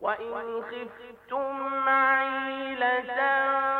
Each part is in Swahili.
وإن خفتم عيلة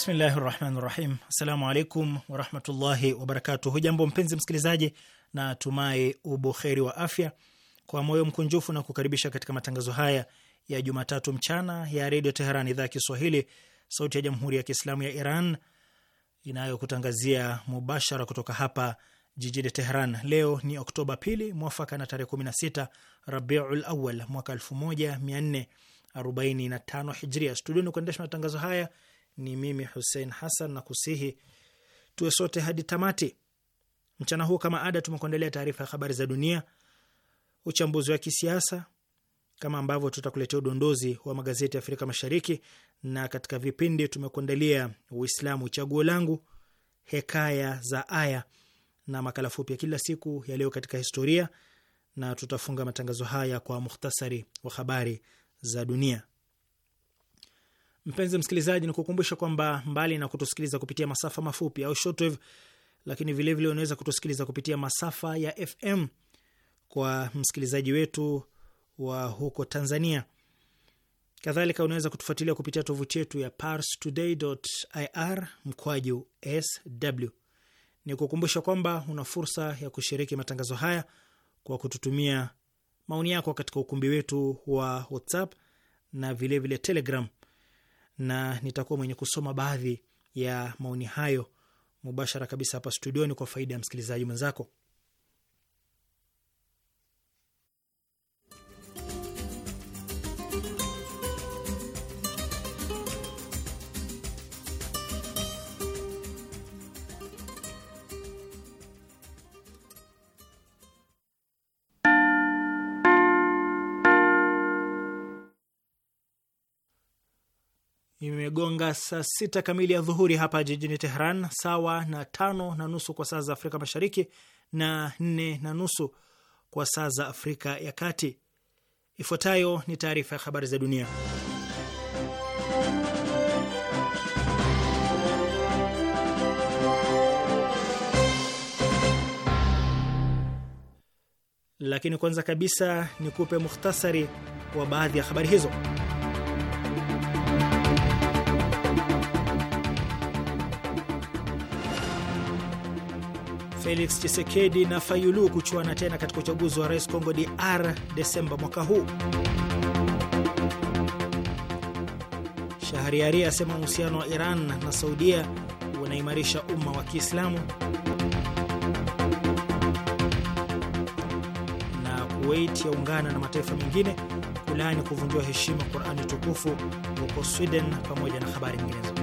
Bismillahi rahmani rahim. Assalamu alaikum warahmatullahi wabarakatu. Hujambo mpenzi msikilizaji, na tumai ubuheri wa afya. Kwa moyo mkunjufu na kukaribisha katika matangazo haya ya Jumatatu mchana ya redio Teheran, idhaa ya Kiswahili, sauti ya jamhuri ya kiislamu ya Iran inayokutangazia mubashara kutoka hapa jijini Teheran. Leo ni Oktoba pili mwafaka na tarehe 16 Rabiul Awal mwaka 1445 Hijria. Studioni kuendesha matangazo haya ni mimi Hussein Hassan na kusihi tuwe sote hadi tamati. Mchana huu kama ada, tumekuandalia taarifa ya habari za dunia, uchambuzi wa kisiasa, kama ambavyo tutakuletea udondozi wa magazeti ya Afrika Mashariki, na katika vipindi tumekuandalia Uislamu Chaguo Langu, Hekaya za Aya na makala fupi ya kila siku ya Leo katika Historia, na tutafunga matangazo haya kwa muhtasari wa habari za dunia. Mpenzi msikilizaji, ni kukumbusha kwamba mbali na kutusikiliza kupitia masafa mafupi au shortwave, lakini vilevile unaweza kutusikiliza kupitia masafa ya FM. Kwa msikilizaji wetu wa huko Tanzania, kadhalika unaweza kutufuatilia kupitia tovuti yetu ya parstoday.ir mkwaju sw. Ni kukumbusha kwamba una fursa ya kushiriki matangazo haya kwa kututumia maoni yako katika ukumbi wetu wa WhatsApp na vilevile vile Telegram na nitakuwa mwenye kusoma baadhi ya maoni hayo mubashara kabisa hapa studioni kwa faida ya msikilizaji mwenzako. imegonga saa sita kamili ya dhuhuri hapa jijini Tehran, sawa na tano na nusu kwa saa za Afrika Mashariki na nne na nusu kwa saa za Afrika ya Kati. Ifuatayo ni taarifa ya habari za dunia, lakini kwanza kabisa nikupe mukhtasari wa baadhi ya habari hizo. Felix Chisekedi na Fayulu kuchuana tena katika uchaguzi wa rais Kongo DR Desemba mwaka huu. ari asema uhusiano wa Iran na Saudia unaimarisha umma wa Kiislamu. Na Kuwait yaungana na mataifa mengine kulaani kuvunjiwa heshima Qurani tukufu huko Sweden, pamoja na habari nyinginezo.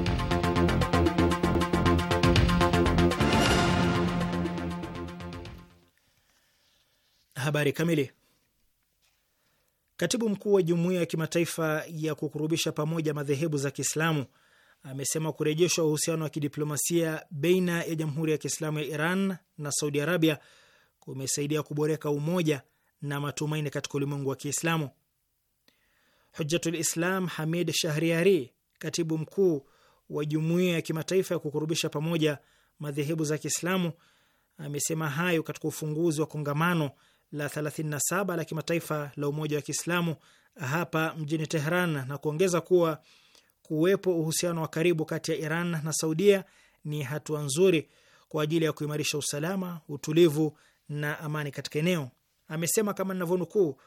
Habari kamili. Katibu mkuu wa Jumuiya ya Kimataifa ya Kukurubisha Pamoja Madhehebu za Kiislamu amesema kurejeshwa uhusiano wa kidiplomasia baina ya Jamhuri ya Kiislamu ya Iran na Saudi Arabia kumesaidia kuboreka umoja na matumaini katika ulimwengu wa Kiislamu. Hujjatul Islam Hamid Shahriari, katibu mkuu wa Jumuiya ya Kimataifa ya Kukurubisha Pamoja Madhehebu za Kiislamu, amesema hayo katika ufunguzi wa kongamano la 37 la kimataifa la Umoja wa Kiislamu hapa mjini Tehran na kuongeza kuwa kuwepo uhusiano wa karibu kati ya Iran na Saudia ni hatua nzuri kwa ajili ya kuimarisha usalama, utulivu na amani katika eneo. Amesema kama ninavyonukuu,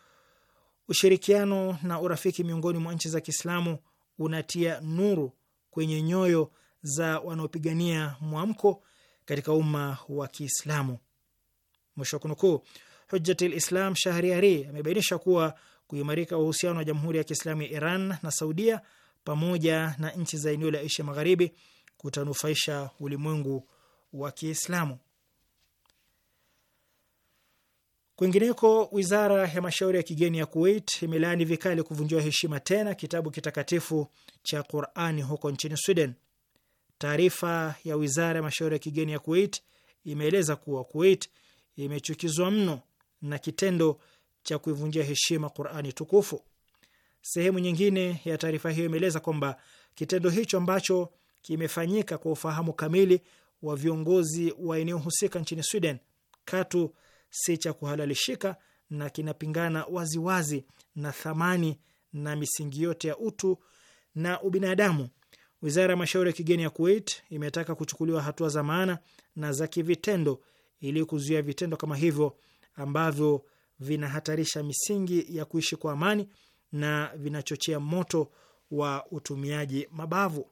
ushirikiano na urafiki miongoni mwa nchi za Kiislamu unatia nuru kwenye nyoyo za wanaopigania mwamko katika umma wa Kiislamu, mwisho wa kunukuu lislam Islam Shahriari amebainisha kuwa kuimarika uhusiano wa Jamhuri ya Kiislamu ya Iran na Saudia pamoja na nchi za eneo la Asia Magharibi kutanufaisha ulimwengu wa Kiislamu. Kwingineko, wizara ya mashauri ya kigeni ya Kuwait imelaani vikali kuvunjiwa heshima tena kitabu kitakatifu cha Qurani huko nchini Sweden. Taarifa ya wizara ya mashauri ya kigeni ya Kuwait imeeleza kuwa Kuwait imechukizwa mno na kitendo cha kuivunjia heshima Qur'ani tukufu. Sehemu nyingine ya taarifa hiyo imeeleza kwamba kitendo hicho ambacho kimefanyika kwa ufahamu kamili wa viongozi wa eneo husika nchini Sweden katu si cha kuhalalishika na kinapingana waziwazi wazi na thamani na misingi yote ya utu na ubinadamu. Wizara ya mashauri ya kigeni ya Kuwait imetaka kuchukuliwa hatua za maana na za kivitendo ili kuzuia vitendo kama hivyo ambavyo vinahatarisha misingi ya kuishi kwa amani na vinachochea moto wa utumiaji mabavu.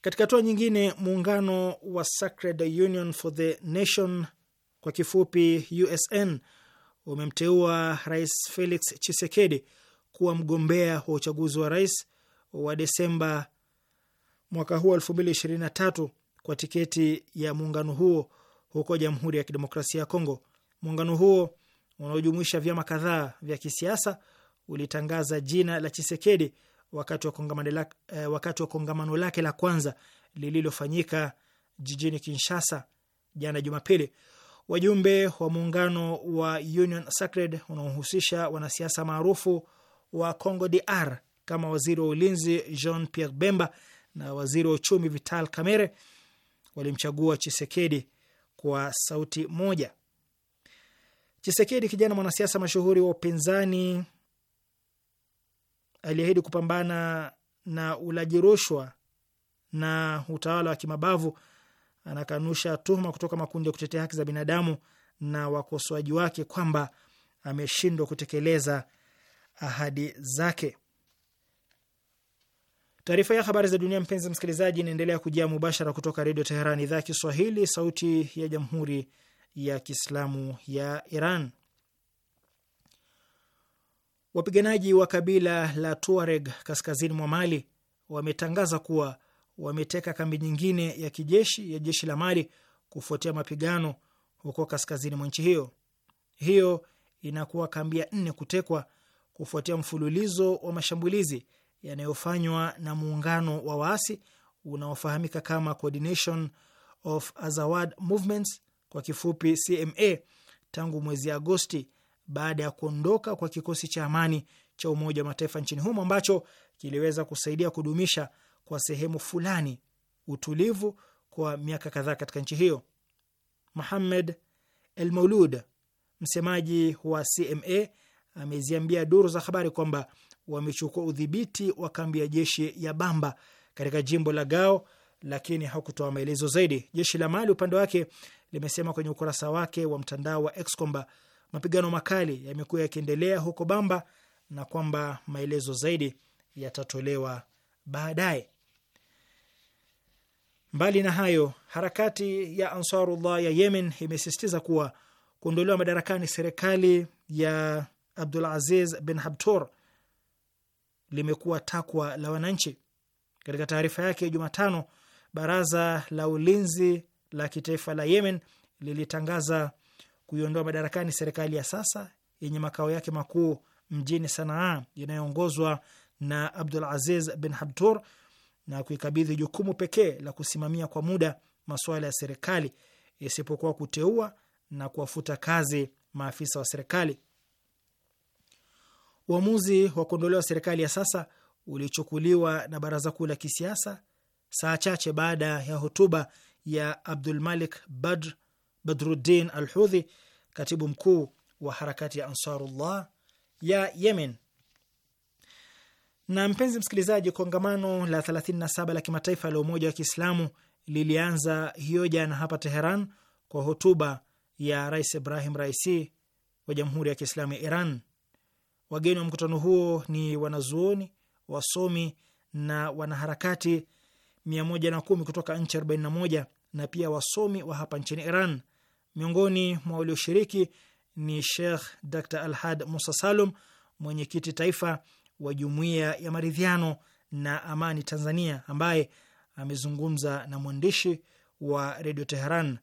Katika hatua nyingine, muungano wa Sacred Union for the Nation kwa kifupi USN umemteua Rais Felix chisekedi kuwa mgombea wa uchaguzi wa rais wa Desemba mwaka huu 2023 kwa tiketi ya muungano huo huko Jamhuri ya Kidemokrasia ya Kongo. Muungano huo unaojumuisha vyama kadhaa vya kisiasa ulitangaza jina la Chisekedi eh, wakati wa kongamano lake la kwanza lililofanyika jijini Kinshasa jana Jumapili. Wajumbe wa muungano wa Union Sacred unaohusisha wanasiasa maarufu wa Congo DR kama waziri wa ulinzi Jean Pierre Bemba na waziri wa uchumi Vital Kamerhe walimchagua Chisekedi kwa sauti moja. Chisekedi, kijana mwanasiasa mashuhuri wa upinzani, aliahidi kupambana na ulaji rushwa na utawala wa kimabavu. Anakanusha tuhuma kutoka makundi ya kutetea haki za binadamu na wakosoaji wake kwamba ameshindwa kutekeleza ahadi zake. Taarifa ya habari za dunia, mpenzi msikilizaji, inaendelea kujia mubashara kutoka Redio Teheran, idhaa ya Kiswahili, sauti ya jamhuri ya kiislamu ya Iran. Wapiganaji wa kabila la Tuareg kaskazini mwa Mali wametangaza kuwa wameteka kambi nyingine ya kijeshi ya jeshi la Mali kufuatia mapigano huko kaskazini mwa nchi hiyo. Hiyo inakuwa kambi ya nne kutekwa kufuatia mfululizo wa mashambulizi yanayofanywa na muungano wa waasi unaofahamika kama Coordination of Azawad Movements, kwa kifupi CMA, tangu mwezi Agosti baada ya kuondoka kwa kikosi cha amani cha Umoja wa Mataifa nchini humo ambacho kiliweza kusaidia kudumisha kwa sehemu fulani utulivu kwa miaka kadhaa katika nchi hiyo. Mohamed El Maulud, msemaji wa CMA, ameziambia duru za habari kwamba wamechukua udhibiti wa kambi ya jeshi ya Bamba katika jimbo la Gao, lakini hakutoa maelezo zaidi. Jeshi la Mali upande wake limesema kwenye ukurasa wake wa mtandao wa X kwamba mapigano makali yamekuwa yakiendelea huko Bamba na kwamba maelezo zaidi yatatolewa baadaye. Mbali na hayo, harakati ya Ansarullah ya Yemen imesisitiza kuwa kuondolewa madarakani serikali ya Abdul Aziz bin Habtor limekuwa takwa la wananchi. Katika taarifa yake ya Jumatano, baraza la ulinzi la kitaifa la Yemen lilitangaza kuiondoa madarakani serikali ya sasa yenye makao yake makuu mjini Sanaa inayoongozwa na Abdul Aziz bin Habtur na kuikabidhi jukumu pekee la kusimamia kwa muda masuala ya serikali isipokuwa kuteua na kuwafuta kazi maafisa wa serikali. Uamuzi wa kuondolewa serikali ya sasa ulichukuliwa na baraza kuu la kisiasa saa chache baada ya hotuba ya Abdulmalik Badr Badruddin al Hudhi, katibu mkuu wa harakati ya Ansarullah ya Yemen. Na mpenzi msikilizaji, kongamano la 37 la kimataifa la Umoja wa Kiislamu lilianza hiyo jana hapa Teheran kwa hotuba ya Rais Ibrahim Raisi wa Jamhuri ya Kiislamu ya Iran. Wageni wa mkutano huo ni wanazuoni, wasomi na wanaharakati mia moja na kumi kutoka nchi arobaini na moja na pia wasomi wa hapa nchini Iran. Miongoni mwa walioshiriki ni Sheikh Dr Alhad Musa Salum, mwenyekiti taifa wa Jumuiya ya Maridhiano na Amani Tanzania, ambaye amezungumza na mwandishi wa Redio Teheran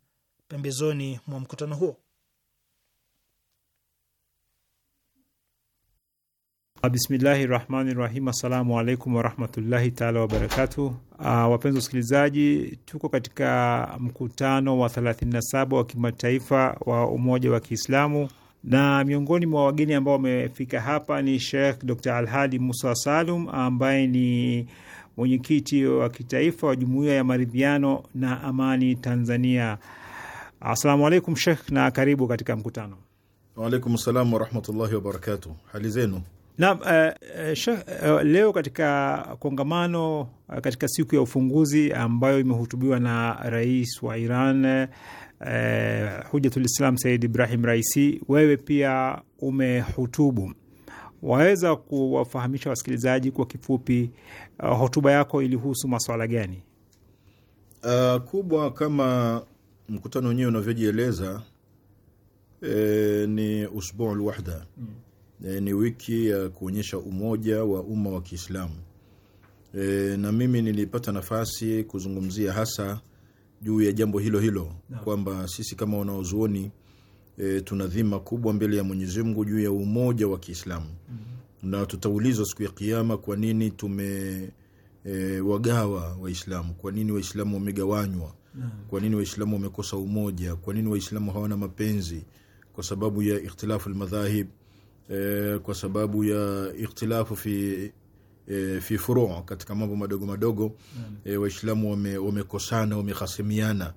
pembezoni mwa mkutano huo. Ah, bismillahi rahmani rahim. Assalamu alaikum warahmatullahi taala wabarakatu Uh, ah, wapenzi wasikilizaji, tuko katika mkutano wa 37 wa kimataifa wa umoja wa Kiislamu na miongoni mwa wageni ambao wamefika hapa ni Sheikh Dr Alhadi Musa Salum ambaye ni mwenyekiti wa kitaifa wa jumuiya ya maridhiano na amani Tanzania. Assalamu alaikum Sheikh, na karibu katika mkutano. Waalaikum salam warahmatullahi wabarakatu, Hali zenu? Na uh, uh, leo katika kongamano uh, katika siku ya ufunguzi ambayo imehutubiwa na rais wa Iran uh, Hujatul Islam Said Ibrahim Raisi, wewe pia umehutubu, waweza kuwafahamisha wasikilizaji kwa kifupi uh, hotuba yako ilihusu maswala gani? Uh, kubwa kama mkutano wenyewe unavyojieleza, eh, ni usbuu lwahda mm e, ni wiki ya kuonyesha umoja wa umma wa Kiislamu e, na mimi nilipata nafasi kuzungumzia hasa juu ya jambo hilo hilo no. kwamba sisi kama wanaozuoni e, tuna dhima kubwa mbele ya Mwenyezi Mungu juu ya umoja wa Kiislamu mm -hmm. na tutaulizwa siku ya Kiyama, kwa nini tume e, wagawa Waislamu? Kwa nini Waislamu wamegawanywa? Kwa nini Waislamu wamekosa umoja? Kwa nini Waislamu hawana mapenzi? Kwa sababu ya ikhtilafu lmadhahib e, kwa sababu ya ikhtilafu fi e, fi furu katika mambo madogo madogo yeah. e, Waislamu wamekosana wame wamehasimiana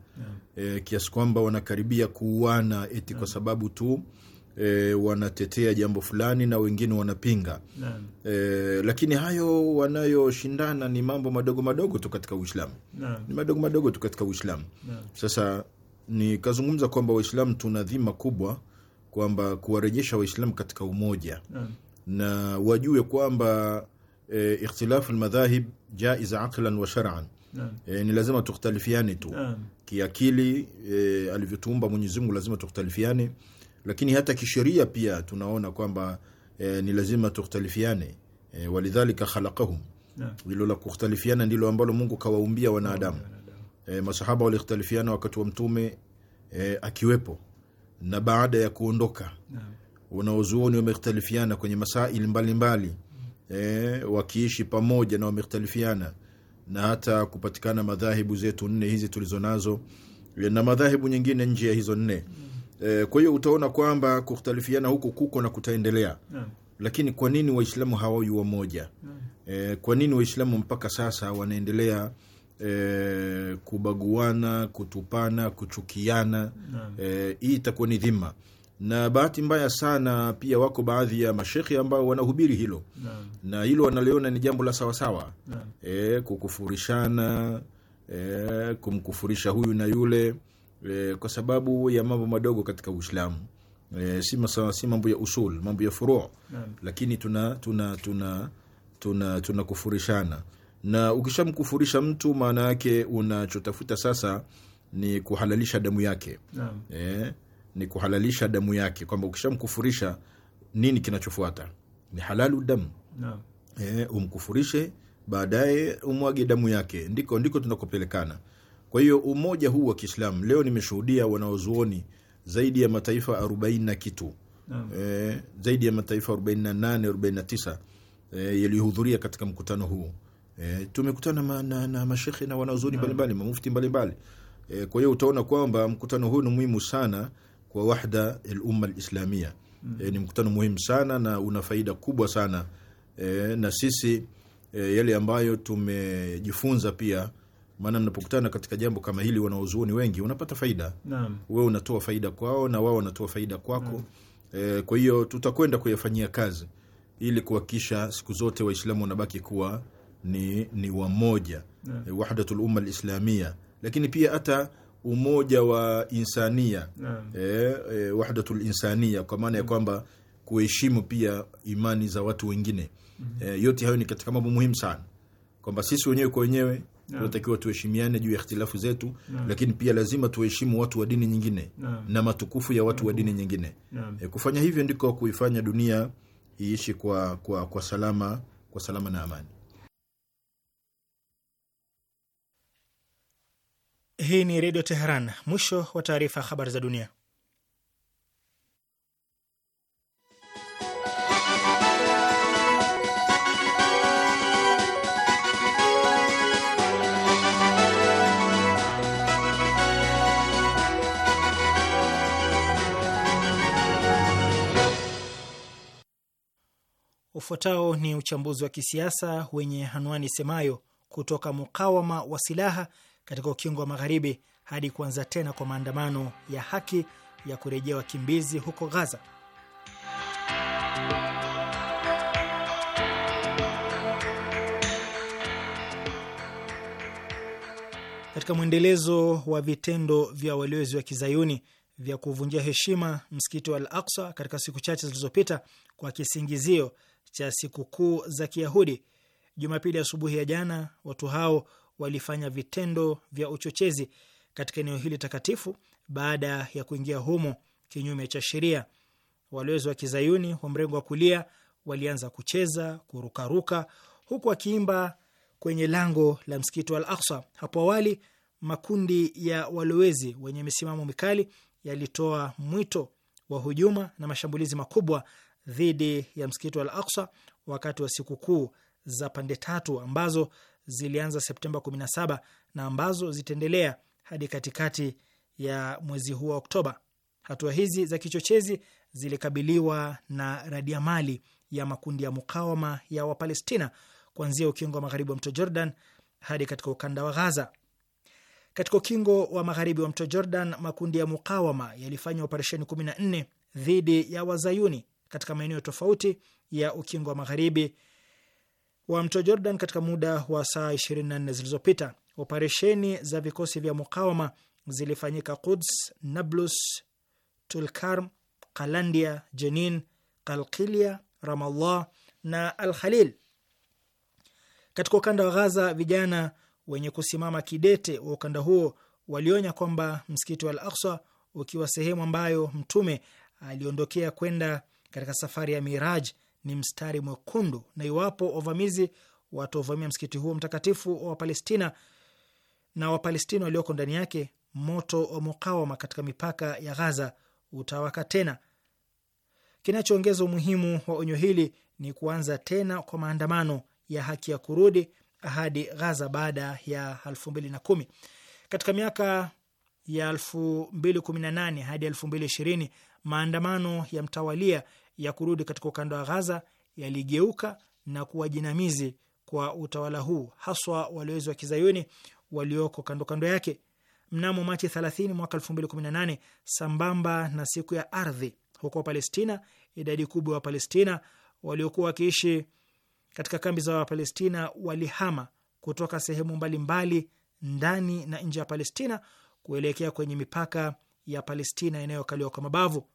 yeah. e, kiasi kwamba wanakaribia kuuana eti yeah. kwa sababu tu E, wanatetea jambo fulani na wengine wanapinga e, lakini hayo wanayoshindana ni mambo madogo madogo tu katika Uislamu, ni madogo madogo tu katika Uislamu. Sasa nikazungumza kwamba Waislamu tuna dhima kubwa kwamba kuwarejesha Waislamu katika umoja na wajue kwamba e, ikhtilafu lmadhahib jaiza aqlan wa shar'an E, ni lazima tukhtalifiane tu Naam. Kiakili e, alivyotuumba Mwenyezi lazima tukhtalifiane, lakini hata kisheria pia tunaona kwamba e, ni lazima tukhtalifiane e, walidhalika khalaqahum, hilo la kukhtalifiana ndilo ambalo Mungu kawaumbia wanadamu. E, masahaba walikhtalifiana wakati wa mtume e, akiwepo na baada ya kuondoka. Wanaozuoni wamekhtalifiana kwenye masaili mbalimbali mbali. Mm-hmm. E, eh, wakiishi pamoja na wamekhtalifiana na hata kupatikana madhahibu zetu nne hizi tulizo nazo eh, na madhahibu nyingine nje ya hizo nne e, kwa hiyo utaona kwamba kukhtalifiana huku kuko na kutaendelea yeah Lakini kwa nini Waislamu hawawi wamoja? E, kwa nini Waislamu mpaka sasa wanaendelea e, kubaguana, kutupana, kuchukiana e, hii itakuwa ni dhima na bahati mbaya sana pia wako baadhi ya mashekhe ambao wanahubiri hilo na, na hilo wanaliona ni jambo la sawasawa e, kukufurishana e, kumkufurisha huyu na yule e, kwa sababu ya mambo madogo katika Uislamu e, si, si mambo ya usul, mambo ya furuu, lakini tuna tuna tuna tunakufurishana tuna, tuna na ukishamkufurisha mtu maana yake unachotafuta sasa ni kuhalalisha damu yake yeah. E, ni kuhalalisha damu yake kwamba ukishamkufurisha nini kinachofuata ni halalu damu e, umkufurishe baadaye umwage damu yake ndiko ndiko tunakopelekana kwa hiyo umoja huu wa kiislamu leo nimeshuhudia wanaozuoni zaidi ya mataifa 40 na kitu yeah. e, zaidi ya mataifa 48 49 e, yaliyohudhuria katika mkutano huu E, tumekutana ma, na, na mashehe na wanazuoni mbalimbali mamufti mbalimbali e, kwa hiyo utaona kwamba mkutano huu ni muhimu sana kwa wahda lumma lislamia Mm. E, ni mkutano muhimu sana na una faida kubwa sana e, na sisi e, yale ambayo tumejifunza pia, maana mnapokutana katika jambo kama hili, wanaozuoni wengi unapata faida. we unatoa faida kwao na wao wanatoa faida kwako. E, kwa hiyo tutakwenda kuyafanyia kazi ili kuhakikisha siku zote Waislamu wanabaki kuwa ni, ni wamoja yeah. Eh, wahdatu lumma alislamia lakini pia hata umoja wa insania yeah. eh, eh, wahdatu linsania kwa maana ya mm. kwamba kuheshimu pia imani za watu wengine mm -hmm. eh, yote hayo ni katika mambo muhimu sana kwamba sisi wenyewe kwa wenyewe tunatakiwa tuheshimiane juu ya ikhtilafu zetu na. Lakini pia lazima tuheshimu watu wa dini nyingine na, na matukufu ya watu na. wa dini nyingine e, kufanya hivyo ndiko kuifanya dunia iishi kwa, kwa, kwa salama kwa salama na amani. Hii ni Redio Teheran. Mwisho wa taarifa ya habari za dunia. Ufuatao ni uchambuzi wa kisiasa wenye anwani semayo kutoka mukawama wa silaha katika ukingo wa magharibi hadi kuanza tena kwa maandamano ya haki ya kurejea wakimbizi huko Gaza. Katika mwendelezo wa vitendo vya walowezi wa kizayuni vya kuvunjia heshima msikiti wa Al Aksa katika siku chache zilizopita kwa kisingizio cha sikukuu za Kiyahudi, Jumapili asubuhi ya jana watu hao walifanya vitendo vya uchochezi katika eneo hili takatifu baada ya kuingia humo kinyume cha sheria. Walowezi wa kizayuni wa mrengo wa kulia walianza kucheza, kurukaruka, huku wakiimba kwenye lango la msikiti wa Al Aksa. Hapo awali makundi ya walowezi wenye misimamo mikali yalitoa mwito wa hujuma na mashambulizi makubwa dhidi ya msikiti wa Al Aksa wakati wa sikukuu za pande tatu ambazo zilianza Septemba 17 na ambazo zitaendelea hadi katikati ya mwezi huu wa Oktoba. Hatua hizi za kichochezi zilikabiliwa na radiamali ya makundi ya mukawama ya Wapalestina kuanzia ukingo wa magharibi wa mto Jordan hadi katika ukanda wa Ghaza. Katika ukingo wa magharibi wa mto Jordan, makundi ya mukawama yalifanya operesheni 14 dhidi ya wazayuni katika maeneo tofauti ya ukingo wa magharibi wa mto Jordan katika muda wa saa 24 zilizopita. Operesheni za vikosi vya mukawama zilifanyika Quds, Nablus, Tulkarm, Kalandia, Jenin, Kalkilia, Ramallah na al Khalil. Katika ukanda wa Ghaza, vijana wenye kusimama kidete wa ukanda huo walionya kwamba msikiti wa al Aksa ukiwa sehemu ambayo Mtume aliondokea kwenda katika safari ya Miraj ni mstari mwekundu, na iwapo wavamizi watauvamia msikiti huo mtakatifu wa Wapalestina na Wapalestina walioko ndani yake, moto wa mukawama katika mipaka ya Ghaza utawaka tena. Kinachoongeza umuhimu wa onyo hili ni kuanza tena kwa maandamano ya haki ya kurudi hadi Ghaza baada ya elfu mbili na kumi. Katika miaka ya elfu mbili kumi na nane hadi elfu mbili ishirini maandamano ya mtawalia ya kurudi katika ukanda wa Ghaza yaligeuka na kuwa jinamizi kwa utawala huu, haswa walowezi wa kizayuni walioko kando kando yake. Mnamo Machi 30 mwaka 2018, sambamba na siku ya ardhi huko Palestina, idadi kubwa ya Wapalestina waliokuwa wakiishi katika kambi za Wapalestina walihama kutoka sehemu mbalimbali mbali, ndani na nje ya Palestina kuelekea kwenye mipaka ya Palestina inayokaliwa kwa mabavu.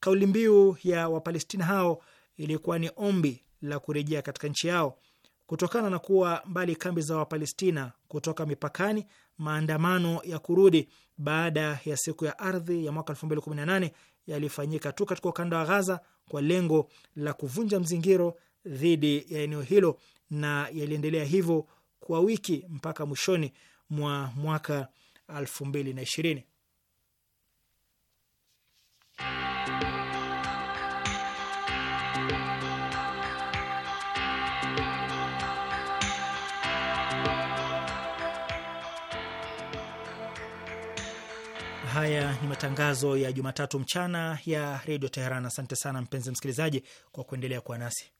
Kauli mbiu ya Wapalestina hao ilikuwa ni ombi la kurejea katika nchi yao kutokana na kuwa mbali kambi za Wapalestina kutoka mipakani. Maandamano ya kurudi baada ya siku ya ardhi ya mwaka 2018 yalifanyika tu katika ukanda wa Gaza kwa lengo la kuvunja mzingiro dhidi ya eneo hilo na yaliendelea hivyo kwa wiki mpaka mwishoni mwa mwaka 2020. haya ni matangazo ya Jumatatu mchana ya redio Teheran. Asante sana mpenzi msikilizaji kwa kuendelea kuwa nasi.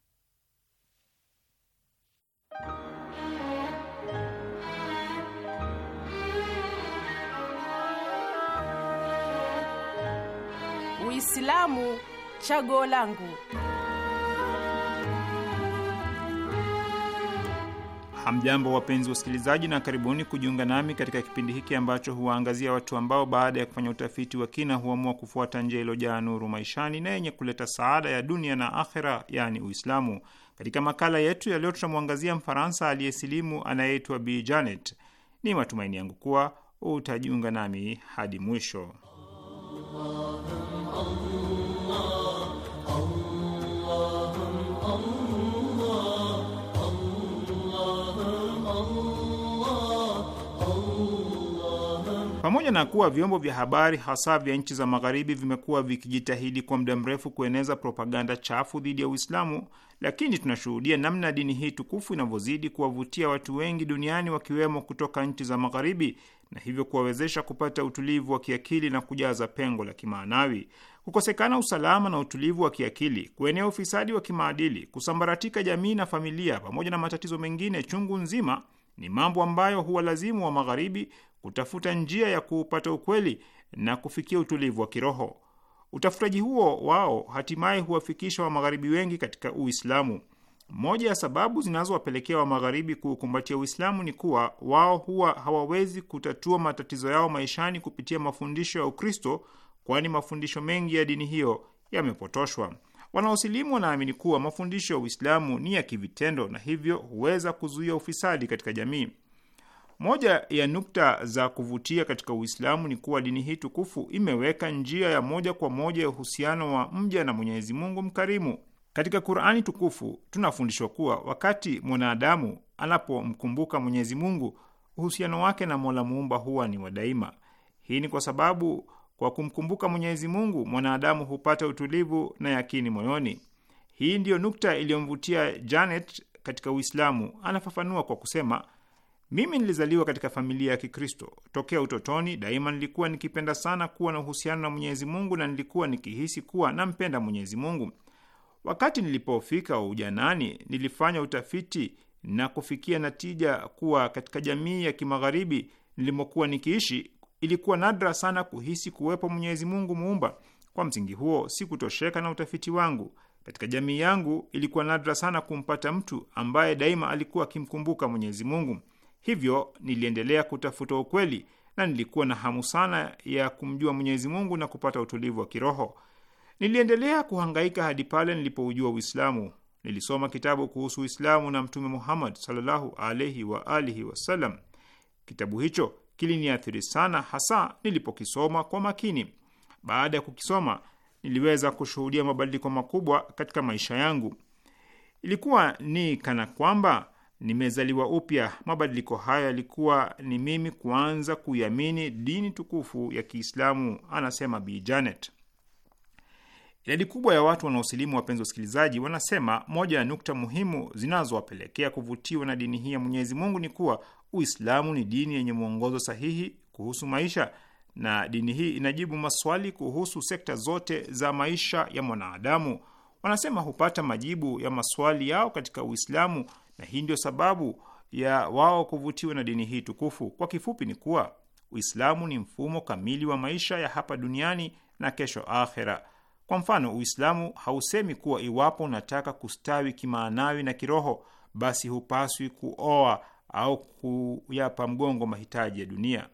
Uislamu chaguo langu. Hamjambo, wapenzi wasikilizaji, na karibuni kujiunga nami katika kipindi hiki ambacho huwaangazia watu ambao baada ya kufanya utafiti wa kina huamua kufuata njia iliyojaa nuru maishani na yenye kuleta saada ya dunia na akhera, yaani Uislamu. Katika makala yetu ya leo, tutamwangazia Mfaransa aliyesilimu anayeitwa Bi Janet. Ni matumaini yangu kuwa utajiunga nami hadi mwisho. Allah, Allah. Pamoja na kuwa vyombo vya habari hasa vya nchi za Magharibi vimekuwa vikijitahidi kwa muda mrefu kueneza propaganda chafu dhidi ya Uislamu, lakini tunashuhudia namna dini hii tukufu inavyozidi kuwavutia watu wengi duniani, wakiwemo kutoka nchi za Magharibi, na hivyo kuwawezesha kupata utulivu wa kiakili na kujaza pengo la kimaanawi. Kukosekana usalama na utulivu wa kiakili, kuenea ufisadi wa kimaadili, kusambaratika jamii na familia, pamoja na matatizo mengine chungu nzima ni mambo ambayo huwa lazimu wa Magharibi kutafuta njia ya kuupata ukweli na kufikia utulivu wa kiroho. Utafutaji huo wao hatimaye huwafikisha wa Magharibi wengi katika Uislamu. Moja ya sababu zinazowapelekea wa Magharibi kuukumbatia Uislamu ni kuwa wao huwa hawawezi kutatua matatizo yao maishani kupitia mafundisho ya Ukristo, kwani mafundisho mengi ya dini hiyo yamepotoshwa. Wanaosilimu wanaamini kuwa mafundisho ya Uislamu ni ya kivitendo na hivyo huweza kuzuia ufisadi katika jamii. Moja ya nukta za kuvutia katika Uislamu ni kuwa dini hii tukufu imeweka njia ya moja kwa moja ya uhusiano wa mja na Mwenyezi Mungu mkarimu. Katika Qur'ani tukufu tunafundishwa kuwa wakati mwanadamu anapomkumbuka Mwenyezi Mungu, uhusiano wake na Mola muumba huwa ni wa daima. Hii ni kwa sababu kwa kumkumbuka Mwenyezi Mungu, mwanadamu hupata utulivu na yakini moyoni. Hii ndiyo nukta iliyomvutia Janet katika Uislamu. Anafafanua kwa kusema, mimi nilizaliwa katika familia ya Kikristo. Tokea utotoni, daima nilikuwa nikipenda sana kuwa na uhusiano na Mwenyezi Mungu na nilikuwa nikihisi kuwa nampenda Mwenyezi Mungu. Wakati nilipofika ujanani, nilifanya utafiti na kufikia natija kuwa katika jamii ya kimagharibi nilimokuwa nikiishi ilikuwa nadra sana kuhisi kuwepo Mwenyezi Mungu muumba. Kwa msingi huo si kutosheka na utafiti wangu. Katika jamii yangu ilikuwa nadra sana kumpata mtu ambaye daima alikuwa akimkumbuka Mwenyezi Mungu. Hivyo niliendelea kutafuta ukweli na nilikuwa na hamu sana ya kumjua Mwenyezi Mungu na kupata utulivu wa kiroho. Niliendelea kuhangaika hadi pale nilipoujua Uislamu. Nilisoma kitabu kuhusu Uislamu na Mtume Muhammad sallallahu alaihi wa alihi wasallam. Kitabu hicho kiliniathiri sana, hasa nilipokisoma kwa makini. Baada ya kukisoma, niliweza kushuhudia mabadiliko makubwa katika maisha yangu. Ilikuwa ni kana kwamba nimezaliwa upya. Mabadiliko hayo yalikuwa ni mimi kuanza kuiamini dini tukufu ya Kiislamu, anasema Bi Janet. Idadi kubwa ya watu wanaosilimu, wapenzi wasikilizaji, wanasema moja ya nukta muhimu zinazowapelekea kuvutiwa na dini hii ya Mwenyezi Mungu ni kuwa Uislamu ni dini yenye mwongozo sahihi kuhusu maisha na dini hii inajibu maswali kuhusu sekta zote za maisha ya mwanadamu. Wanasema hupata majibu ya maswali yao katika Uislamu, na hii ndio sababu ya wao kuvutiwa na dini hii tukufu. Kwa kifupi, ni kuwa Uislamu ni mfumo kamili wa maisha ya hapa duniani na kesho akhera. Kwa mfano, Uislamu hausemi kuwa iwapo unataka kustawi kimaanawi na kiroho, basi hupaswi kuoa au kuyapa mgongo mahitaji ya dunia.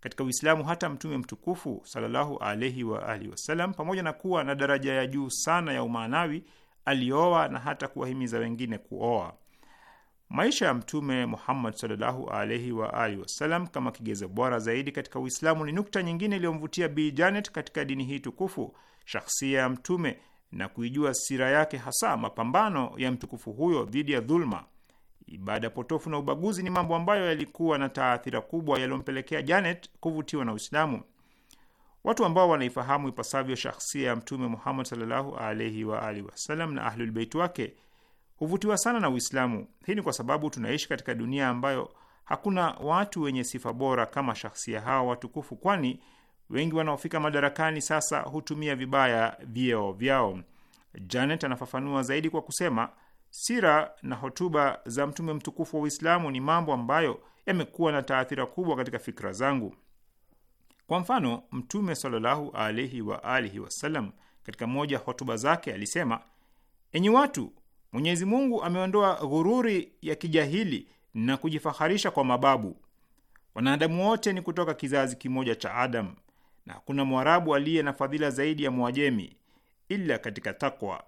Katika Uislamu, hata Mtume mtukufu sallallahu alaihi wa alihi wasallam, pamoja na kuwa na daraja ya juu sana ya umaanawi, alioa na hata kuwahimiza wengine kuoa. Maisha ya Mtume Muhammad sallallahu alaihi wa alihi wasallam kama kigezo bora zaidi katika Uislamu ni nukta nyingine iliyomvutia Bi Janet katika dini hii tukufu, shakhsia ya Mtume na kuijua sira yake, hasa mapambano ya mtukufu huyo dhidi ya dhulma Ibada potofu na ubaguzi ni mambo ambayo yalikuwa na taathira kubwa yaliyompelekea Janet kuvutiwa na Uislamu. Watu ambao wanaifahamu ipasavyo shahsia ya Mtume Muhammad sallallahu alaihi wa alihi wasallam na Ahlulbeit wake huvutiwa sana na Uislamu. Hii ni kwa sababu tunaishi katika dunia ambayo hakuna watu wenye sifa bora kama shahsia hawa watukufu, kwani wengi wanaofika madarakani sasa hutumia vibaya vyeo vyao. Janet anafafanua zaidi kwa kusema sira na hotuba za mtume mtukufu wa Uislamu ni mambo ambayo yamekuwa na taathira kubwa katika fikra zangu. Kwa mfano, Mtume sallallahu alaihi wa alihi wasallam katika moja hotuba zake alisema: enyi watu, Mwenyezi Mungu ameondoa ghururi ya kijahili na kujifaharisha kwa mababu. Wanadamu wote ni kutoka kizazi kimoja cha Adamu, na hakuna mwarabu aliye na fadhila zaidi ya Mwajemi ila katika takwa.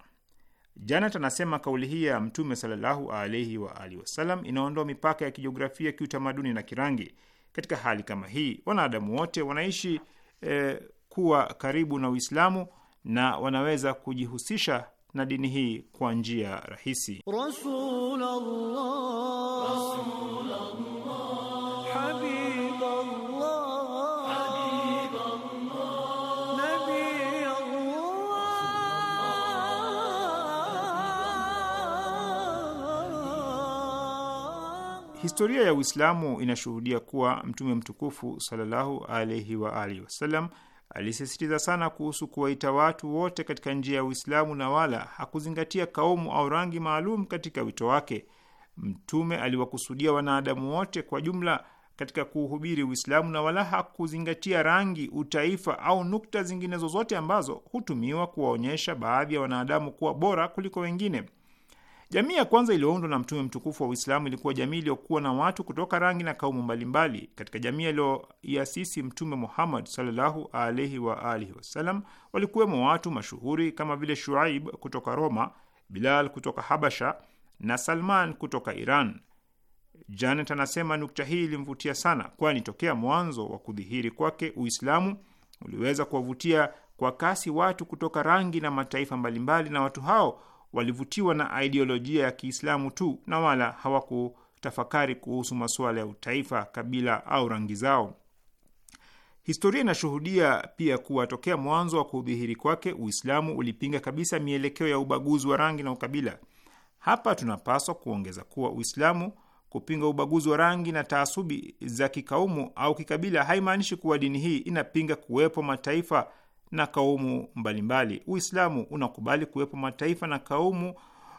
Janet anasema kauli hii ya Mtume sallallahu alaihi wa alihi wasallam inaondoa mipaka ya kijiografia, kiutamaduni na kirangi. Katika hali kama hii, wanadamu wote wanaishi eh, kuwa karibu na Uislamu na wanaweza kujihusisha na dini hii kwa njia rahisi. Rasulallah, Rasulallah. Historia ya Uislamu inashuhudia kuwa Mtume mtukufu sallallahu alaihi wa alihi wasallam alisisitiza sana kuhusu kuwaita watu wote katika njia ya Uislamu na wala hakuzingatia kaumu au rangi maalum katika wito wake. Mtume aliwakusudia wanadamu wote kwa jumla katika kuuhubiri Uislamu na wala hakuzingatia rangi, utaifa au nukta zingine zozote ambazo hutumiwa kuwaonyesha baadhi ya wanadamu kuwa bora kuliko wengine. Jamii ya kwanza iliyoundwa na mtume mtukufu wa Uislamu ilikuwa jamii iliyokuwa na watu kutoka rangi na kaumu mbalimbali. Katika jamii aliyoiasisi Mtume Muhammad sallallahu alaihi wa alihi wasallam walikuwemo watu mashuhuri kama vile Shuaib kutoka Roma, Bilal kutoka Habasha na Salman kutoka Iran. Janet anasema nukta hii ilimvutia sana, kwani tokea mwanzo wa kudhihiri kwake Uislamu uliweza kuwavutia kwa kasi watu kutoka rangi na mataifa mbalimbali, na watu hao walivutiwa na aidiolojia ya Kiislamu tu na wala hawakutafakari kuhusu masuala ya utaifa, kabila au rangi zao. Historia inashuhudia pia kuwa tokea mwanzo wa kudhihiri kwake Uislamu ulipinga kabisa mielekeo ya ubaguzi wa rangi na ukabila. Hapa tunapaswa kuongeza kuwa Uislamu kupinga ubaguzi wa rangi na taasubi za kikaumu au kikabila haimaanishi kuwa dini hii inapinga kuwepo mataifa na kaumu mbalimbali. Uislamu unakubali kuwepo mataifa na kaumu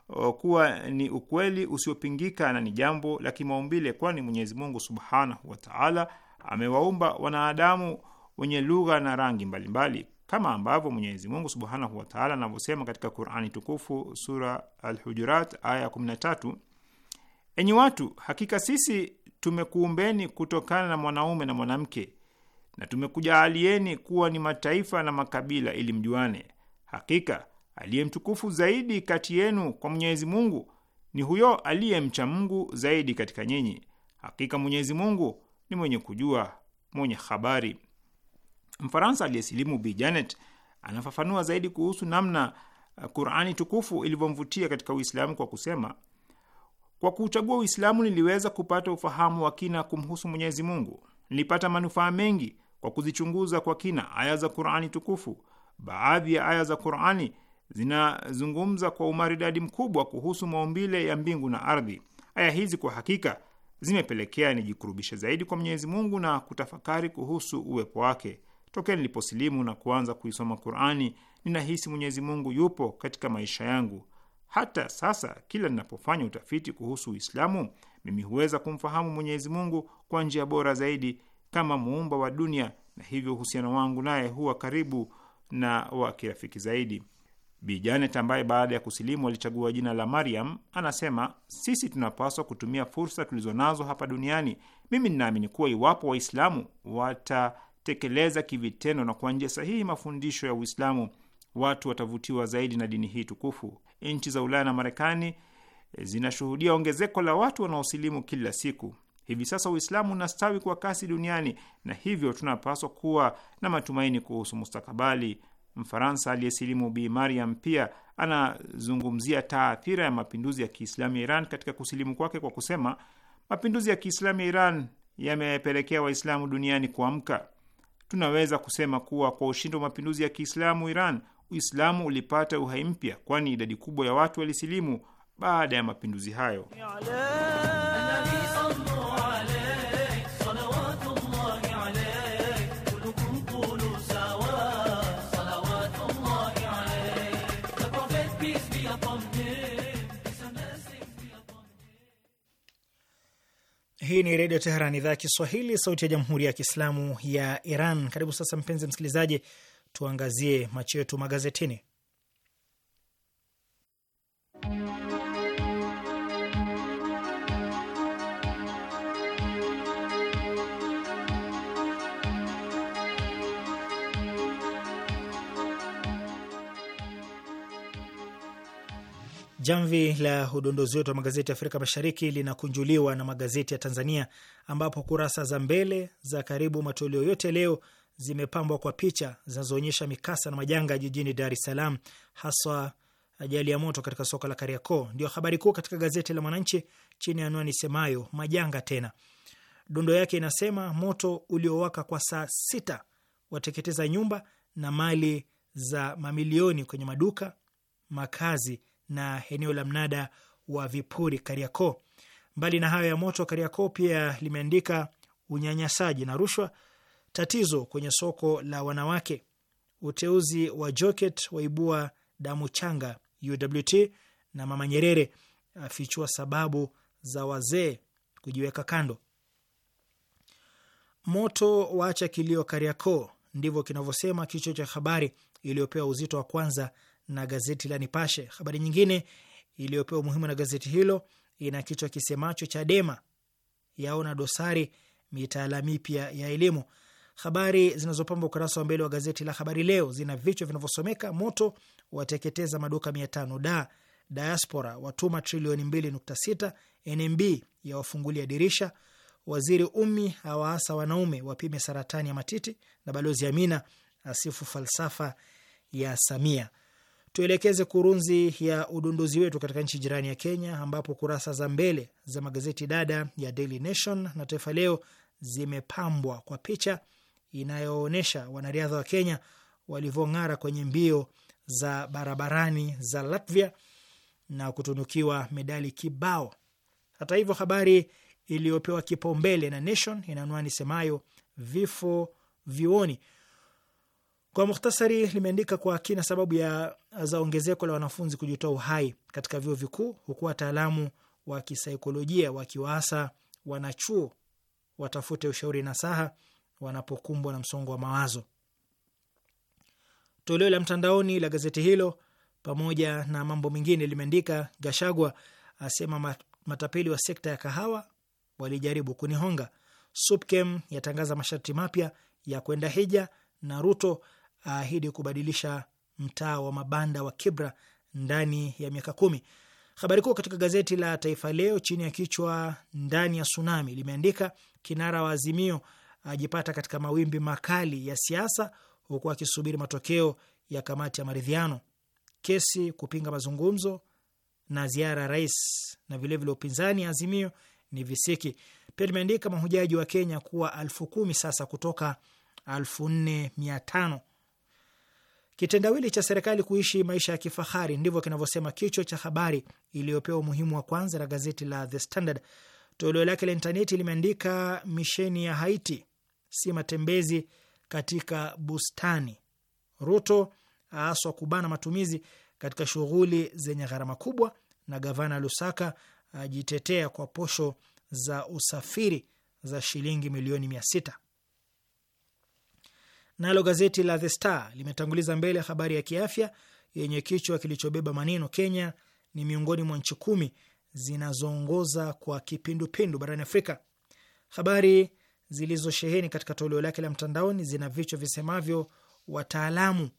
uh, kuwa ni ukweli usiopingika na ni jambo la kimaumbile, kwani Mwenyezi Mungu subhanahu wa taala amewaumba wanadamu wenye lugha na rangi mbalimbali mbali. Kama ambavyo Mwenyezi Mungu subhanahu wa taala anavyosema katika Qurani tukufu sura Alhujurat aya 13, enyi watu, hakika sisi tumekuumbeni kutokana na mwanaume na mwanamke na tumekujaalieni kuwa ni mataifa na makabila ili mjuane. Hakika aliye mtukufu zaidi kati yenu kwa Mwenyezi Mungu ni huyo mcha Mungu zaidi katika nyinyi. Hakika Mwenyezi Mungu ni mwenye kujua, mwenye habari. Mfaransa aliyesilimu Bi Janet anafafanua zaidi kuhusu namna uh, Qurani tukufu ilivyomvutia katika Uislamu kwa kusema, kwa kuchagua Uislamu niliweza kupata ufahamu wa kina kumhusu Mwenyezi Mungu nilipata manufaa mengi kwa kuzichunguza kwa kina aya za Qurani tukufu. Baadhi ya aya za Qurani zinazungumza kwa umaridadi mkubwa kuhusu maumbile ya mbingu na ardhi. Aya hizi kwa hakika zimepelekea nijikurubishe zaidi kwa Mwenyezi Mungu na kutafakari kuhusu uwepo wake. Tokea niliposilimu na kuanza kuisoma Qurani, ninahisi Mwenyezi Mungu yupo katika maisha yangu. Hata sasa kila ninapofanya utafiti kuhusu Uislamu, mimi huweza kumfahamu Mwenyezi Mungu kwa njia bora zaidi kama muumba wa dunia, na hivyo uhusiano wangu naye huwa karibu na wa kirafiki zaidi. Bi Janet ambaye baada ya kusilimu alichagua jina la Mariam anasema, sisi tunapaswa kutumia fursa tulizonazo hapa duniani. Mimi ninaamini kuwa iwapo Waislamu watatekeleza kivitendo na kwa njia sahihi mafundisho ya Uislamu, watu watavutiwa zaidi na dini hii tukufu. Nchi za Ulaya na Marekani eh, zinashuhudia ongezeko la watu wanaosilimu kila siku. Hivi sasa Uislamu unastawi kwa kasi duniani na hivyo tunapaswa kuwa na matumaini kuhusu mustakabali. Mfaransa aliyesilimu Bi Mariam pia anazungumzia taathira ya mapinduzi ya Kiislamu ya Iran katika kusilimu kwake kwa kusema, mapinduzi ya Kiislamu ya Iran yamepelekea Waislamu duniani kuamka. Tunaweza kusema kuwa kwa ushindi wa mapinduzi ya Kiislamu Iran, Uislamu ulipata uhai mpya, kwani idadi kubwa ya watu walisilimu baada ya mapinduzi hayo. Hii ni Redio Teheran, idhaa ya Kiswahili, sauti ya Jamhuri ya Kiislamu ya Iran. Karibu sasa, mpenzi msikilizaji, tuangazie macho yetu magazetini. Jamvi la udondozi wetu wa magazeti ya Afrika Mashariki linakunjuliwa na magazeti ya Tanzania, ambapo kurasa za mbele za karibu matoleo yote leo zimepambwa kwa picha zinazoonyesha mikasa na majanga jijini Dar es Salaam, haswa ajali ya moto katika soko la Kariakoo. Ndio habari kuu katika gazeti la Mwananchi chini ya anwani semayo majanga tena. Dondo yake inasema moto uliowaka kwa saa sita wateketeza nyumba na mali za mamilioni kwenye maduka, makazi na eneo la mnada wa vipuri Kariakoo. Mbali na hayo ya moto, Kariakoo pia limeandika unyanyasaji na rushwa, tatizo kwenye soko la wanawake, uteuzi wa Joket waibua damu changa UWT, na Mama Nyerere afichua sababu za wazee kujiweka kando. Moto waacha kilio Kariakoo, ndivyo kinavyosema kichwa cha habari iliyopewa uzito wa kwanza na gazeti la Nipashe. Habari nyingine iliyopewa umuhimu na gazeti hilo ina kichwa kisemacho Chadema yaona dosari mitaala mipya ya elimu. Habari zinazopamba ukurasa wa mbele wa gazeti la Habari Leo zina vichwa vinavyosomeka moto wateketeza maduka mia tano da diaspora watuma trilioni mbili nukta sita NMB ya wafungulia dirisha, waziri Umi awaasa wanaume wapime saratani ya matiti, na balozi Amina asifu falsafa ya Samia. Tuelekeze kurunzi ya udunduzi wetu katika nchi jirani ya Kenya, ambapo kurasa za mbele za magazeti dada ya Daily Nation na Taifa Leo zimepambwa kwa picha inayoonyesha wanariadha wa Kenya walivyong'ara kwenye mbio za barabarani za Latvia na kutunukiwa medali kibao. Hata hivyo, habari iliyopewa kipaumbele na Nation ina anwani semayo vifo vioni kwa muhtasari, limeandika kwa kina sababu ya za ongezeko la wanafunzi kujitoa uhai katika vyuo vikuu, huku wataalamu wa kisaikolojia wakiwaasa wanachuo watafute ushauri na saha wanapokumbwa na msongo wa mawazo. Toleo la mtandaoni la gazeti hilo pamoja na mambo mengine limeandika, Gashagwa asema matapeli wa sekta ya kahawa walijaribu kunihonga, SUPKEM yatangaza masharti mapya ya kwenda hija na Ruto aahidi kubadilisha mtaa wa mabanda wa Kibra ndani ya miaka kumi. Habari kuu katika gazeti la Taifa Leo chini ya kichwa ndani ya tsunami limeandika kinara wa Azimio ajipata katika mawimbi makali ya siasa huku akisubiri matokeo ya kamati ya maridhiano. Kesi kupinga mazungumzo na ziara ya rais na vilevile upinzani Azimio ni visiki. Pia limeandika mahujaji wa Kenya kuwa alfu kumi sasa kutoka alfu nne mia tano Kitendawili cha serikali kuishi maisha ya kifahari, ndivyo kinavyosema kichwa cha habari iliyopewa umuhimu wa kwanza na gazeti la The Standard. Toleo lake la intaneti limeandika misheni ya Haiti si matembezi katika bustani, Ruto aaswa kubana matumizi katika shughuli zenye gharama kubwa, na gavana Lusaka ajitetea kwa posho za usafiri za shilingi milioni mia sita. Nalo gazeti la The Star limetanguliza mbele habari ya kiafya yenye kichwa kilichobeba maneno Kenya ni miongoni mwa nchi kumi zinazoongoza kwa kipindupindu barani Afrika. Habari zilizosheheni katika toleo lake la mtandaoni zina vichwa visemavyo: wataalamu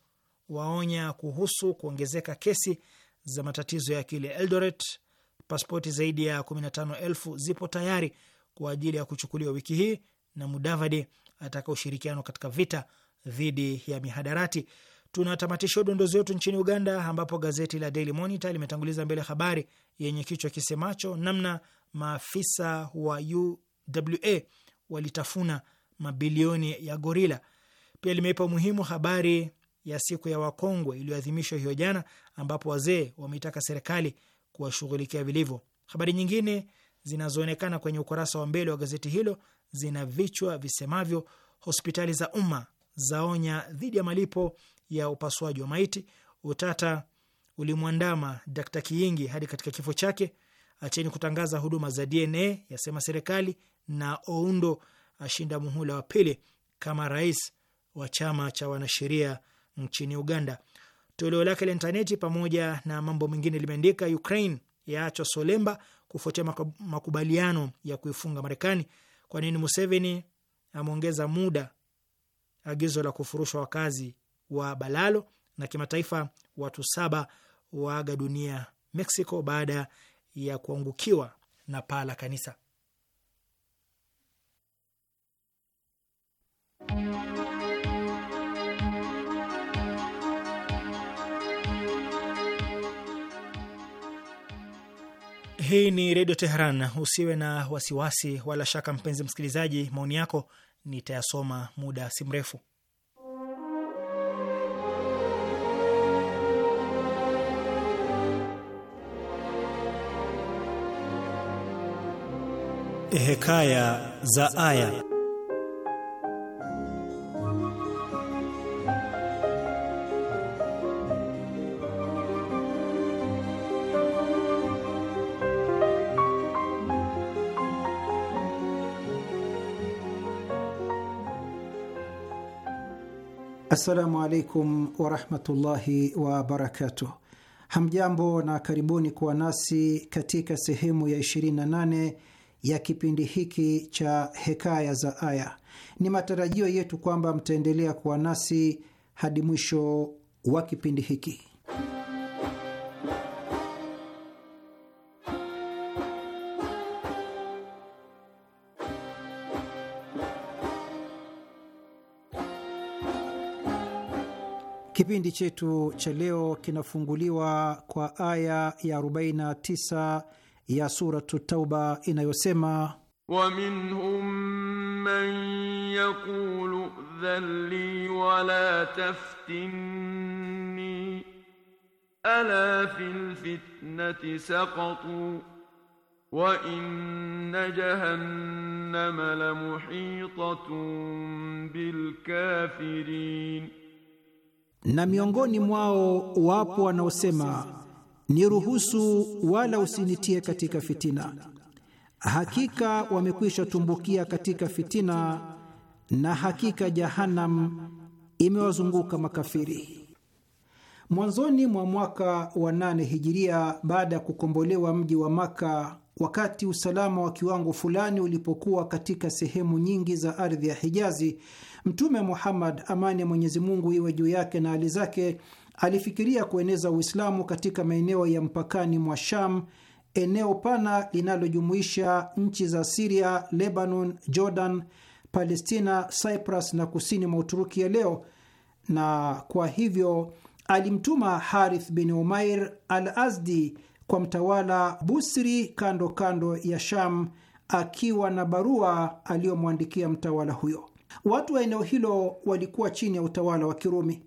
waonya kuhusu kuongezeka kesi za matatizo ya akili Eldoret, paspoti zaidi ya 15,000 zipo tayari kwa ajili ya kuchukuliwa wiki hii, na Mudavadi ataka ushirikiano katika vita dhidi ya mihadarati. Tunatamatisha udondozi wetu nchini Uganda, ambapo gazeti la Daily Monitor limetanguliza mbele habari yenye kichwa kisemacho namna maafisa wa UWA walitafuna mabilioni ya gorila. Pia limeipa umuhimu habari ya siku ya wakongwe iliyoadhimishwa hiyo jana, ambapo wazee wameitaka serikali kuwashughulikia vilivyo. Habari nyingine zinazoonekana kwenye ukurasa wa mbele wa gazeti hilo zina vichwa visemavyo: hospitali za umma zaonya dhidi ya malipo ya upasuaji wa maiti. Utata ulimwandama Dkt. Kiingi hadi katika kifo chake. Acheni kutangaza huduma za DNA, yasema serikali. Na Oundo ashinda muhula wa pili kama rais wa chama cha wanasheria nchini Uganda. Toleo lake la intaneti pamoja na mambo mengine limeandika Ukraine yaachwa solemba kufuatia makubaliano ya kuifunga Marekani. Kwa nini Museveni ameongeza muda agizo la kufurushwa wakazi wa Balalo na kimataifa, watu saba waaga dunia Mexico baada ya kuangukiwa na paa la kanisa. Hii ni Redio Teheran. Usiwe na wasiwasi wala shaka, mpenzi msikilizaji, maoni yako nitayasoma muda si mrefu. Hekaya za Aya. Assalamu alaikum warahmatullahi wabarakatuh. Hamjambo na karibuni kuwa nasi katika sehemu ya 28 ya kipindi hiki cha Hekaya za Aya. Ni matarajio yetu kwamba mtaendelea kuwa nasi hadi mwisho wa kipindi hiki. Kipindi chetu cha leo kinafunguliwa kwa aya ya 49 ya Suratu Tauba inayosema waminhum man yaqulu udhan li wala taftinni ala fil fitnati saqatu wa inna jahannama lamuhitatun bil kafirin na miongoni mwao wapo wanaosema ni ruhusu wala usinitie katika fitina. Hakika wamekwisha tumbukia katika fitina, na hakika Jahanam imewazunguka makafiri. Mwanzoni mwa mwaka wa nane hijiria, baada ya kukombolewa mji wa Maka, wakati usalama wa kiwango fulani ulipokuwa katika sehemu nyingi za ardhi ya Hijazi, Mtume Muhammad, amani ya Mwenyezi Mungu iwe juu yake na hali zake, alifikiria kueneza Uislamu katika maeneo ya mpakani mwa Sham, eneo pana linalojumuisha nchi za Siria, Lebanon, Jordan, Palestina, Cyprus na kusini mwa Uturuki ya leo, na kwa hivyo alimtuma Harith bin Umair al Azdi kwa mtawala Busri kando kando ya Sham akiwa na barua aliyomwandikia mtawala huyo. Watu wa eneo hilo walikuwa chini ya utawala wa Kirumi.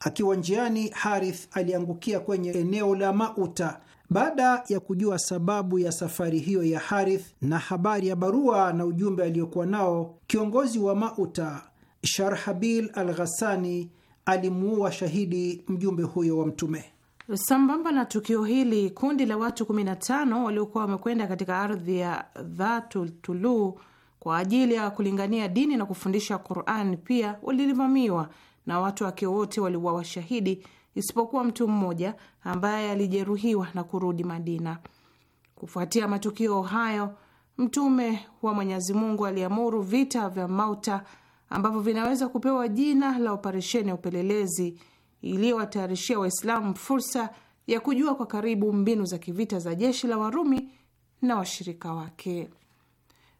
Akiwa njiani, Harith aliangukia kwenye eneo la Mauta. Baada ya kujua sababu ya safari hiyo ya Harith na habari ya barua na ujumbe aliyokuwa nao, kiongozi wa Mauta Sharhabil al Ghassani alimuua shahidi mjumbe huyo wa Mtume. Sambamba na tukio hili, kundi la watu 15 waliokuwa wamekwenda katika ardhi ya Dhatul kwa ajili ya kulingania dini na kufundisha Quran pia ulivamiwa na watu wake wote waliuawa shahidi isipokuwa mtu mmoja ambaye alijeruhiwa na kurudi Madina. Kufuatia matukio hayo, Mtume wa Mwenyezi Mungu aliamuru vita vya Mauta ambavyo vinaweza kupewa jina la operesheni ya upelelezi iliyowatayarishia Waislamu fursa ya kujua kwa karibu mbinu za kivita za jeshi la Warumi na washirika wake.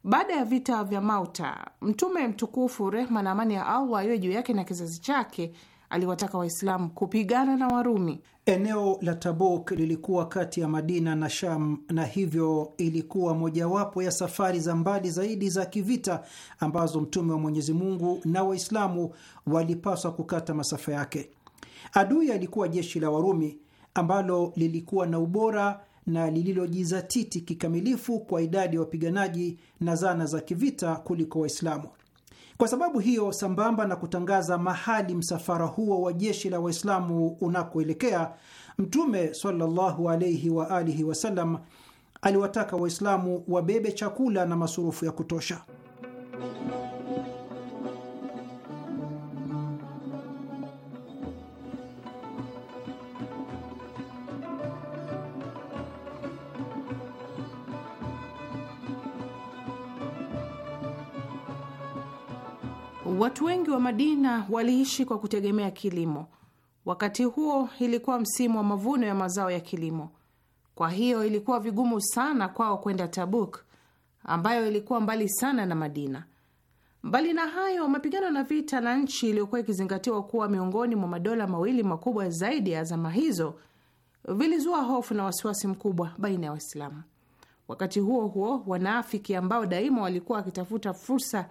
Baada ya vita vya Mauta, Mtume mtukufu, rehma na amani ya Allah iwe juu yake na kizazi chake, aliwataka Waislamu kupigana na Warumi. Eneo la Tabuk lilikuwa kati ya Madina na Sham na hivyo ilikuwa mojawapo ya safari za mbali zaidi za kivita ambazo Mtume wa Mwenyezi Mungu na Waislamu walipaswa kukata masafa yake. Adui alikuwa jeshi la Warumi ambalo lilikuwa na ubora na lililojizatiti kikamilifu kwa idadi ya wapiganaji na zana za kivita kuliko Waislamu. Kwa sababu hiyo, sambamba na kutangaza mahali msafara huo wa jeshi la Waislamu unakoelekea, Mtume sallallahu alaihi wa alihi wasallam aliwataka Waislamu wabebe chakula na masurufu ya kutosha. Watu wengi wa Madina waliishi kwa kutegemea kilimo. Wakati huo ilikuwa msimu wa mavuno ya mazao ya kilimo, kwa hiyo ilikuwa vigumu sana kwao kwenda Tabuk ambayo ilikuwa mbali sana na Madina. Mbali na hayo, mapigano na vita na nchi iliyokuwa ikizingatiwa kuwa miongoni mwa madola mawili makubwa zaidi ya azama hizo vilizua hofu na wasiwasi mkubwa baina ya Waislamu. Wakati huo huo, wanaafiki ambao daima walikuwa wakitafuta fursa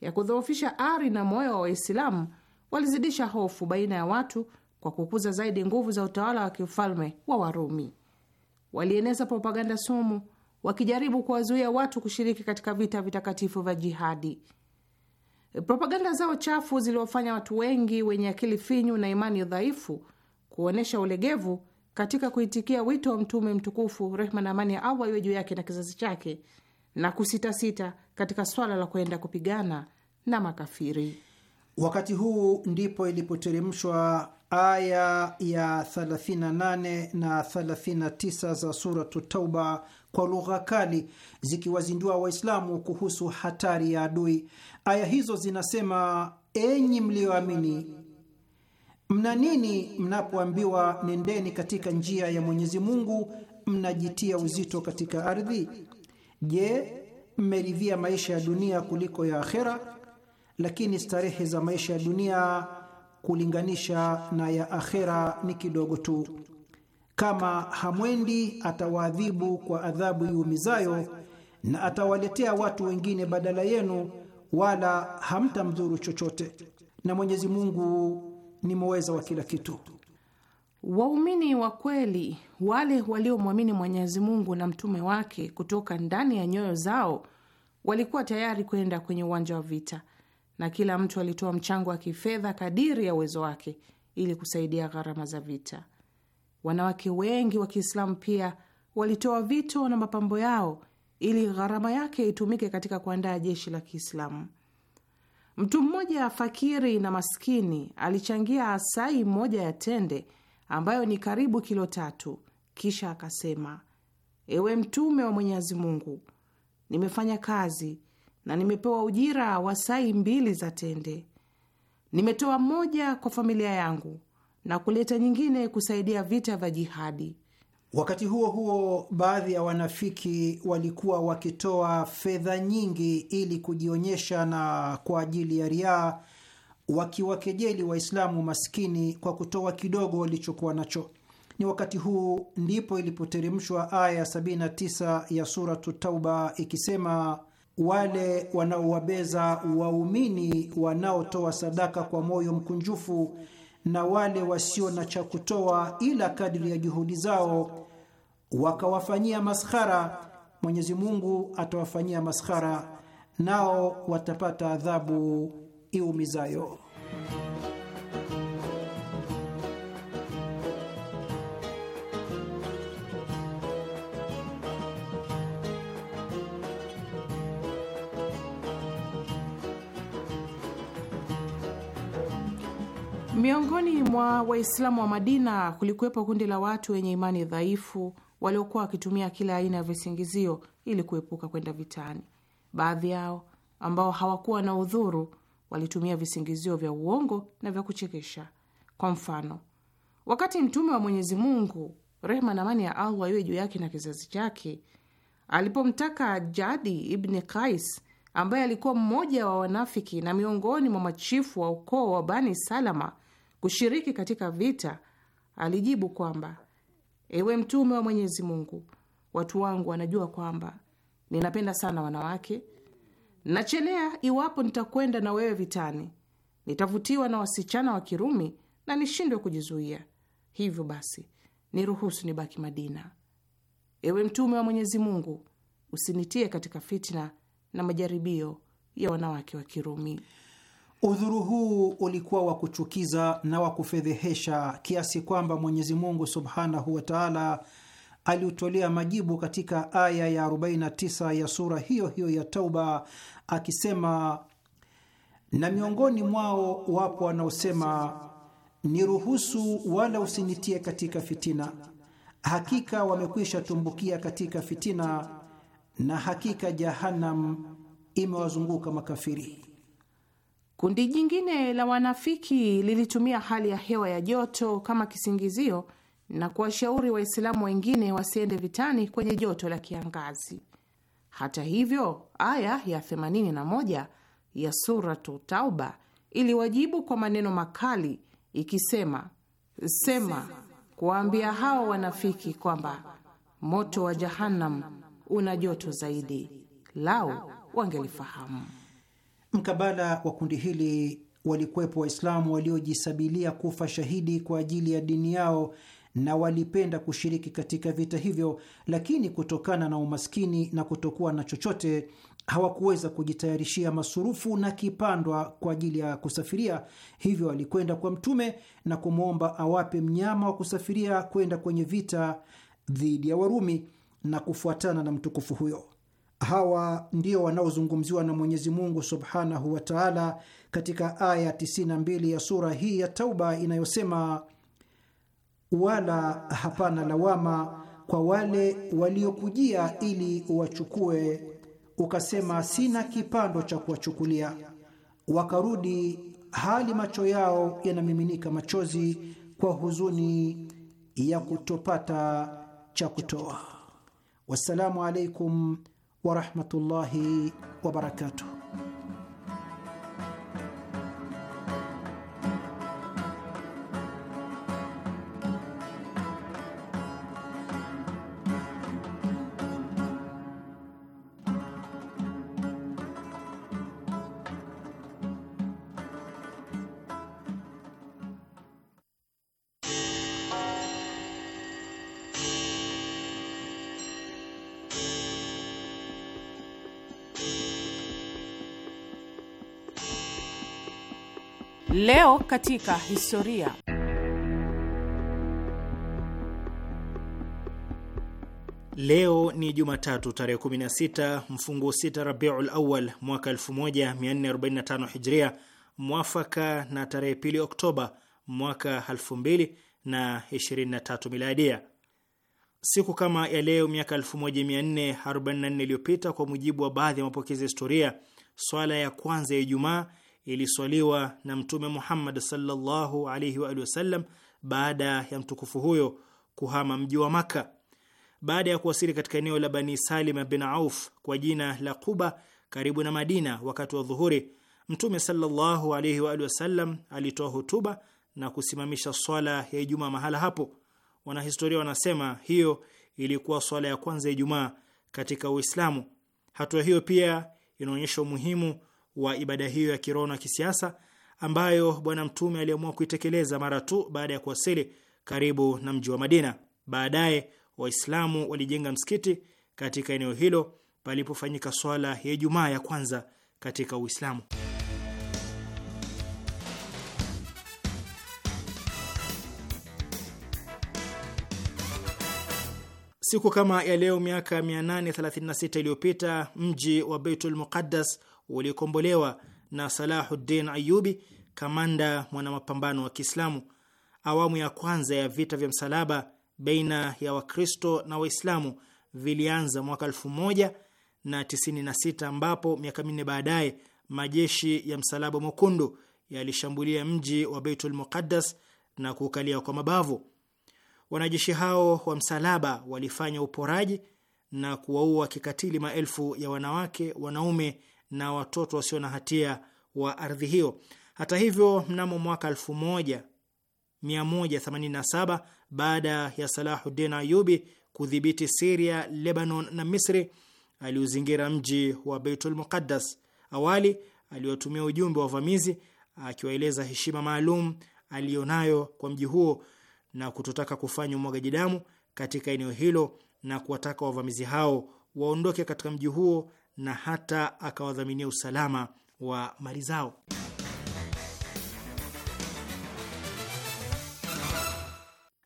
ya kudhoofisha ari na moyo wa Waislamu walizidisha hofu baina ya watu kwa kukuza zaidi nguvu za utawala wa kiufalme wa Warumi. Walieneza propaganda sumu, wakijaribu kuwazuia watu kushiriki katika vita vitakatifu vya jihadi. Propaganda zao chafu ziliwafanya watu wengi wenye akili finyu na imani dhaifu kuonyesha ulegevu katika kuitikia wito wa Mtume mtukufu, rehma na amani ya Allah iwe juu yake na kizazi chake, na kusitasita katika swala la kwenda kupigana na makafiri. Wakati huu ndipo ilipoteremshwa aya ya 38 na 39 za Suratu Tauba kwa lugha kali zikiwazindua Waislamu kuhusu hatari ya adui. Aya hizo zinasema: enyi mliyoamini, mna nini mnapoambiwa nendeni katika njia ya Mwenyezi Mungu, mnajitia uzito katika ardhi Je, mmeridhia maisha ya dunia kuliko ya akhera? Lakini starehe za maisha ya dunia kulinganisha na ya akhera ni kidogo tu. Kama hamwendi, atawaadhibu kwa adhabu iumizayo na atawaletea watu wengine badala yenu, wala hamtamdhuru chochote, na Mwenyezi Mungu ni muweza wa kila kitu. Waumini wa kweli, wale waliomwamini Mwenyezi Mungu na mtume wake kutoka ndani ya nyoyo zao, walikuwa tayari kwenda kwenye uwanja wa vita, na kila mtu alitoa mchango wa kifedha kadiri ya uwezo wake ili kusaidia gharama za vita. Wanawake wengi wa Kiislamu pia walitoa vito na mapambo yao ili gharama yake itumike katika kuandaa jeshi la Kiislamu. Mtu mmoja fakiri na maskini alichangia asai moja ya tende ambayo ni karibu kilo tatu. Kisha akasema, ewe Mtume wa Mwenyezi Mungu, nimefanya kazi na nimepewa ujira wa sai mbili za tende. Nimetoa moja kwa familia yangu na kuleta nyingine kusaidia vita vya jihadi. Wakati huo huo, baadhi ya wanafiki walikuwa wakitoa fedha nyingi ili kujionyesha na kwa ajili ya riaa wakiwakejeli Waislamu maskini kwa kutoa kidogo walichokuwa nacho. Ni wakati huu ndipo ilipoteremshwa aya ya 79 ya Suratu Tauba ikisema, wale wanaowabeza waumini wanaotoa sadaka kwa moyo mkunjufu na wale wasio na cha kutoa ila kadri ya juhudi zao, wakawafanyia maskhara, Mwenyezi Mungu atawafanyia maskhara, nao watapata adhabu iumizayo. Miongoni mwa Waislamu wa Madina kulikuwepo kundi la watu wenye imani dhaifu waliokuwa wakitumia kila aina ya visingizio ili kuepuka kwenda vitani. Baadhi yao ambao hawakuwa na udhuru walitumia visingizio vya uongo na vya kuchekesha. Kwa mfano, wakati mtume wa Mwenyezi Mungu, rehma na amani ya Allah iwe juu yake na kizazi chake, alipomtaka Jadi ibni Kais ambaye alikuwa mmoja wa wanafiki na miongoni mwa machifu wa ukoo wa Bani Salama kushiriki katika vita, alijibu kwamba ewe Mtume wa Mwenyezi Mungu, watu wangu wanajua kwamba ninapenda sana wanawake Nachelea iwapo nitakwenda na wewe vitani, nitavutiwa na wasichana wa Kirumi na nishindwe kujizuia. Hivyo basi niruhusu nibaki Madina. Ewe Mtume wa Mwenyezi Mungu, usinitie katika fitna na majaribio ya wanawake wa Kirumi. Udhuru huu ulikuwa wa kuchukiza na wa kufedhehesha kiasi kwamba Mwenyezi Mungu subhanahu wa taala aliutolea majibu katika aya ya 49 ya sura hiyo hiyo ya Tauba akisema, na miongoni mwao wapo wanaosema niruhusu wala usinitie katika fitina, hakika wamekwisha tumbukia katika fitina, na hakika Jahannam imewazunguka makafiri. Kundi jingine la wanafiki lilitumia hali ya hewa ya joto kama kisingizio na kuwashauri Waislamu wengine wasiende vitani kwenye joto la kiangazi. Hata hivyo, aya ya 81 ya Suratu Tauba iliwajibu kwa maneno makali ikisema, sema kuwaambia hao wanafiki kwamba moto wa Jahannam una joto zaidi, lau wangelifahamu. Mkabala wa kundi hili walikuwepo Waislamu waliojisabilia kufa shahidi kwa ajili ya dini yao na walipenda kushiriki katika vita hivyo, lakini kutokana na umaskini na kutokuwa na chochote hawakuweza kujitayarishia masurufu na kipandwa kwa ajili ya kusafiria. Hivyo alikwenda kwa Mtume na kumwomba awape mnyama wa kusafiria kwenda kwenye vita dhidi ya Warumi na kufuatana na mtukufu huyo. Hawa ndio wanaozungumziwa na Mwenyezi Mungu subhanahu wa taala katika aya 92 ya sura hii ya Tauba inayosema wala hapana lawama kwa wale waliokujia ili uwachukue, ukasema sina kipando cha kuwachukulia, wakarudi hali macho yao yanamiminika machozi kwa huzuni ya kutopata cha kutoa. Wassalamu alaikum warahmatullahi wabarakatuh. Leo katika historia. Leo ni Jumatatu tarehe 16 mfungo 6 Rabiul Awal mwaka 1445 Hijria, mwafaka na tarehe pili Oktoba mwaka 2023 Miladia. Siku kama ya leo miaka 1444 iliyopita, kwa mujibu wa baadhi ya mapokezi ya historia, swala ya kwanza ya Ijumaa iliswaliwa na Mtume Muhammad sallallahu alaihi wa alihi wasallam baada ya mtukufu huyo kuhama mji wa Maka. Baada ya kuwasili katika eneo la Bani Salim bin Auf kwa jina la Quba karibu na Madina wakati wa dhuhuri, Mtume sallallahu alaihi wa alihi wasallam alitoa hutuba na kusimamisha swala ya Ijumaa mahala hapo. Wanahistoria wanasema hiyo ilikuwa swala ya kwanza ya Ijumaa katika Uislamu. Hatua hiyo pia inaonyesha umuhimu wa ibada hiyo ya kiroho na kisiasa ambayo Bwana Mtume aliamua kuitekeleza mara tu baada ya kuwasili karibu na mji wa Madina. Baadaye Waislamu walijenga msikiti katika eneo hilo palipofanyika swala ya Ijumaa ya kwanza katika Uislamu. Siku kama ya leo miaka 836 iliyopita mji wa Beitul Muqaddas uliokombolewa na Salahuddin Ayubi, kamanda mwanamapambano wa Kiislamu. Awamu ya kwanza ya vita vya msalaba baina ya Wakristo na Waislamu vilianza mwaka sita ambapo miaka minne baadaye majeshi ya Msalaba Mwekundu yalishambulia mji wa Beitul Muqaddas na kuukalia kwa mabavu. Wanajeshi hao wa msalaba walifanya uporaji na kuwaua kikatili maelfu ya wanawake, wanaume na watoto wasio na hatia wa ardhi hiyo. Hata hivyo, mnamo mwaka 1187 baada ya Salahuddin Ayubi kudhibiti Siria, Lebanon na Misri, aliuzingira mji wa Beitul Muqaddas. Awali aliwatumia ujumbe wa wavamizi akiwaeleza heshima maalum aliyonayo kwa mji huo na kutotaka kufanya umwagaji damu katika eneo hilo na kuwataka wavamizi hao waondoke katika mji huo na hata akawadhaminia usalama wa mali zao.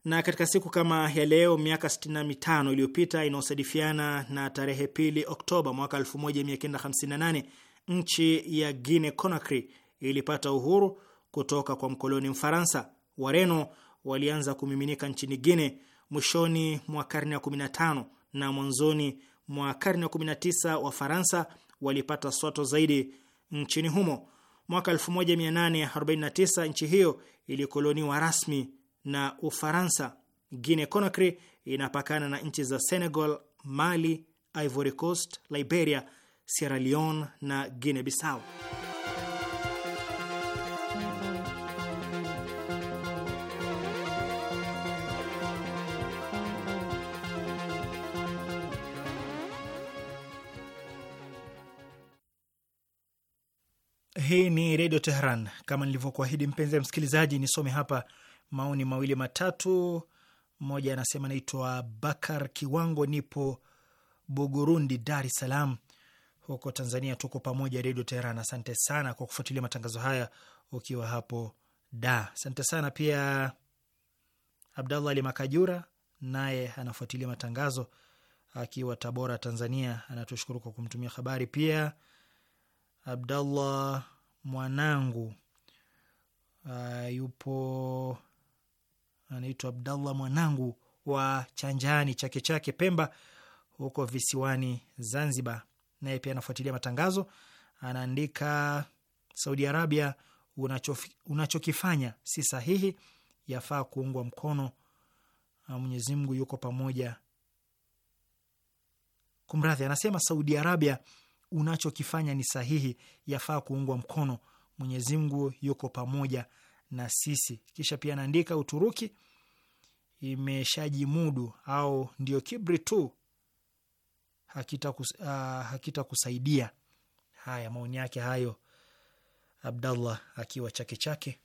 Na katika siku kama ya leo miaka 65 iliyopita inayosadifiana na tarehe pili Oktoba mwaka 1958 nchi ya Guinea Conakry ilipata uhuru kutoka kwa mkoloni Mfaransa. Wareno walianza kumiminika nchini Guinea mwishoni mwa karne ya 15 na mwanzoni mwa karne ya 19 Wafaransa walipata swato zaidi nchini humo. Mwaka 1849 nchi hiyo ilikoloniwa rasmi na Ufaransa. Guinea Conakry inapakana na nchi za Senegal, Mali, Ivory Coast, Liberia, Sierra Leone na Guinea Bissau. Hii ni Redio Tehran. Kama nilivyokuahidi, mpenzi msikilizaji, nisome hapa maoni mawili matatu. Mmoja anasema naitwa Bakar Kiwango, nipo Bugurundi, Dar es Salaam, huko Tanzania. Tuko pamoja Redio Tehran. Asante sana kwa kufuatilia matangazo haya ukiwa hapo da. Asante sana pia Abdallah Ali Makajura, naye anafuatilia matangazo akiwa Tabora, Tanzania. Anatushukuru kwa kumtumia habari. Pia Abdallah mwanangu. Uh, yupo anaitwa Abdallah mwanangu wa Chanjani Chake Chake Pemba huko visiwani Zanzibar, naye pia anafuatilia matangazo. Anaandika, Saudi Arabia, unachokifanya si sahihi, yafaa kuungwa mkono. Ah, Mwenyezi Mungu yuko pamoja. Kumradhi, anasema Saudi Arabia unachokifanya ni sahihi, yafaa kuungwa mkono. Mwenyezi Mungu yuko pamoja na sisi. Kisha pia naandika Uturuki imeshajimudu au ndio kibri tu uh, ah, hakita kusaidia. Haya maoni yake hayo, Abdallah akiwa Chake Chake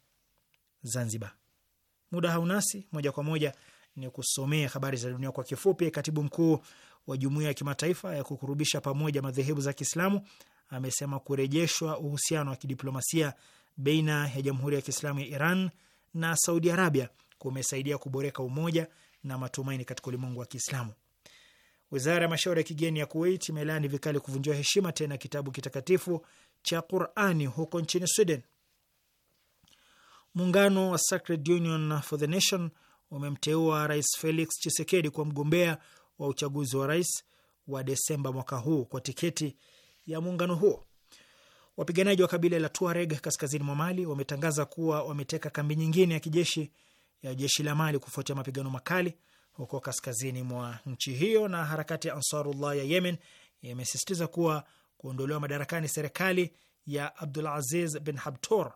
Zanzibar. Muda haunasi moja kwa moja ni kusomea habari za dunia kwa kifupi. Katibu mkuu wa jumuiya ya kimataifa ya kukurubisha pamoja madhehebu za Kiislamu amesema kurejeshwa uhusiano wa kidiplomasia baina ya Jamhuri ya Kiislamu ya Iran na Saudi Arabia kumesaidia kuboreka umoja na matumaini katika ulimwengu wa Kiislamu. Wizara ya mashauri ya kigeni ya Kuwait imelaani vikali kuvunjiwa heshima tena kitabu kitakatifu cha Qurani huko nchini Sweden. Muungano wa Sacred Union for the Nation umemteua Rais Felix Chisekedi kwa mgombea wa uchaguzi wa rais wa Desemba mwaka huu kwa tiketi ya muungano huo. Wapiganaji wa kabila la Tuareg kaskazini mwa Mali wametangaza kuwa wameteka kambi nyingine ya kijeshi ya jeshi la Mali kufuatia mapigano makali huko kaskazini mwa nchi hiyo. Na harakati ya Ansarullah ya Yemen imesisitiza kuwa kuondolewa madarakani serikali ya Abdul Aziz bin Habtor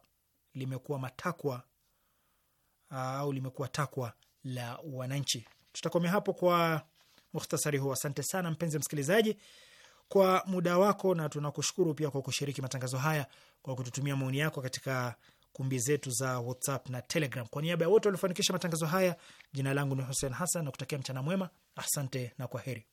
limekuwa matakwa au limekuwa takwa la wananchi. Tutakomea hapo kwa muhtasari huu. Asante sana mpenzi msikilizaji kwa muda wako, na tunakushukuru pia kwa kushiriki matangazo haya kwa kututumia maoni yako katika kumbi zetu za WhatsApp na Telegram. Kwa niaba ya wote waliofanikisha matangazo haya, jina langu ni Hussein Hassan na kutakia mchana mwema. Asante na kwa heri.